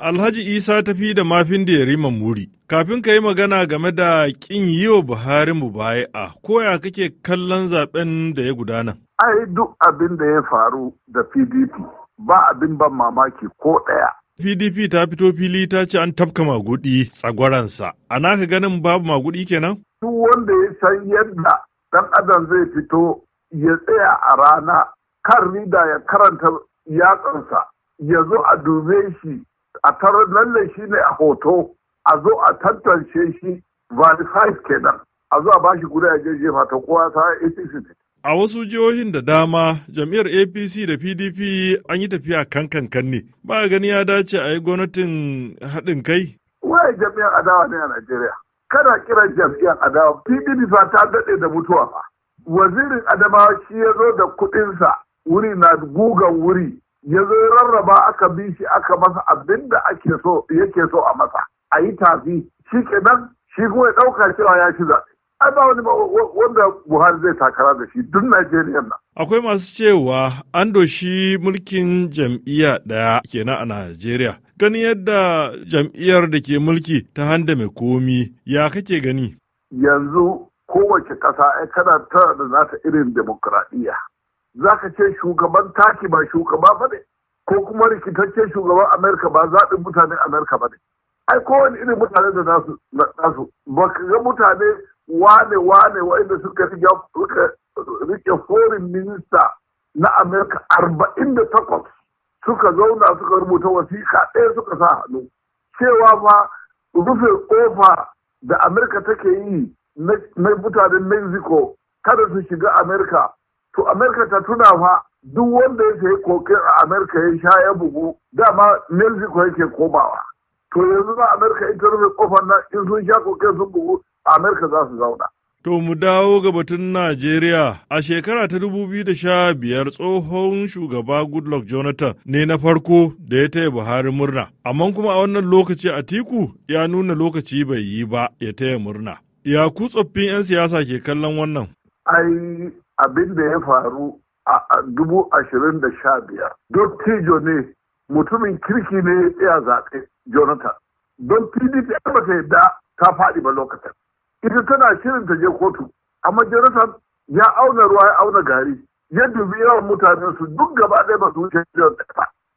Alhaji Isa ta fi da mafin da ya Yariman Muri. Kafin ka yi magana game da ƙin yi wa Buhari mu baya a koya kake kallon zaben da ya gudana? Ai duk abin da ya faru da PDP ba abin ban mamaki ko ɗaya. PDP ta fito fili ta ce an tafka magudi tsagwaransa. A naka ganin babu magudi kenan? Duk wanda ya san yadda ɗan adam zai fito ya tsaya a rana kan rida ya karanta yatsansa ya zo a dube shi a taron lalle shi ne a hoto a zo a tantance shi verified kenan a zo a bashi guda ya jefa ta kowa ta APC A wasu jihohin da dama jam'iyyar APC da PDP an yi tafiya kan kankan ne ba gani ya dace a yi gwamnatin haɗin kai? Waye jam'iyyar adawa ne a Najeriya. Kana kiran jam'iyyar adawa PDP ba ta daɗe da mutuwa ba Wazirin Adamawa shi ya zo da kuɗinsa wuri na gugan wuri ya zo rarraba aka bi shi aka masa abin da ake so yake so a masa a yi tafi shi kenan shi kuma ya ɗauka cewa ya shi zaɓe ai ba wani wanda Buhari zai takara da shi duk Najeriya nan. Akwai masu cewa an doshi mulkin jam'iyya ɗaya kenan a Najeriya. Gani yadda jam'iyyar da ke mulki ta handa mai komi ya kake gani? Yanzu kowace ƙasa ai kana ta da nata irin demokuraɗiyya. za ka ce shugaban taki ba shugaba ba ne ko kuma rikitaccen shugaban amerika ba zaɓin mutanen amerika ba ne ai kowane irin mutane da nasu nasu ba ka ga mutane wane wane wa'inda suka rike foreign minister na amerika arba'in da takwas suka zauna suka rubuta wasiƙa ɗaya suka sa hannu cewa ma rufe ƙofa da amerika take yi na mutanen mexico kada su shiga amerika to amerika ta tuna fa duk wanda ya sayi kokin a amerika ya sha ya bugu dama mexico yake komawa to yanzu na amerika ita rufe kofar nan in sun sha kokin sun bugu a amerika za su zauna To mu dawo ga batun Najeriya a shekara ta da 2015 tsohon shugaba Goodluck Jonathan ne na farko da ya taya Buhari murna, amma kuma a wannan lokaci a tiku ya nuna lokaci bai yi ba ya taya murna. Ya ku tsoffin 'yan siyasa ke kallon wannan? Ai abin da ya faru a dubu ashirin da sha biyar don tijo ne mutumin kirki ne ya zaɓe jonathan don pdp ba ta yadda ta faɗi ba lokacin ita tana shirin ta je kotu amma jonathan ya auna ruwa ya auna gari ya dubi yawan mutanen su duk gaba ɗaya ba su wuce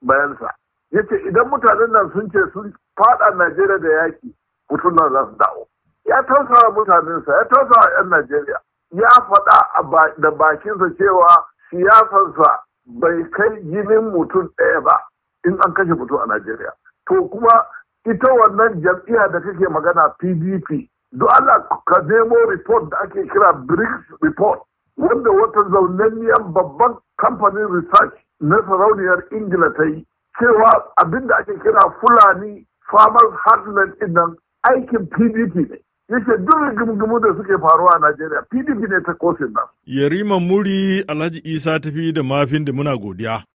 bayansa ya ce idan mutanen nan sun ce sun faɗa najeriya da yaƙi mutum nan za su dawo ya tausawa mutanensa ya tausawa 'yan najeriya ya faɗa da bakinsa cewa siyasarsa bai kai jinin mutum ɗaya ba in an kashe mutum a Najeriya. To kuma ita wannan jam'iyya da kake magana PDP, don Allah ka nemo report da ake kira BRICS report, wanda wata zaunanniyar babban kamfanin research na sarauniyar Ingila ta yi, cewa abinda ake kira Fulani Farmers Heartland idan aikin PDP ne. yake duk rigimgimu da suke faruwa a Najeriya PDP ne ta kosin nan. Yarima Muri Alhaji Isa tafi da mafin da muna godiya.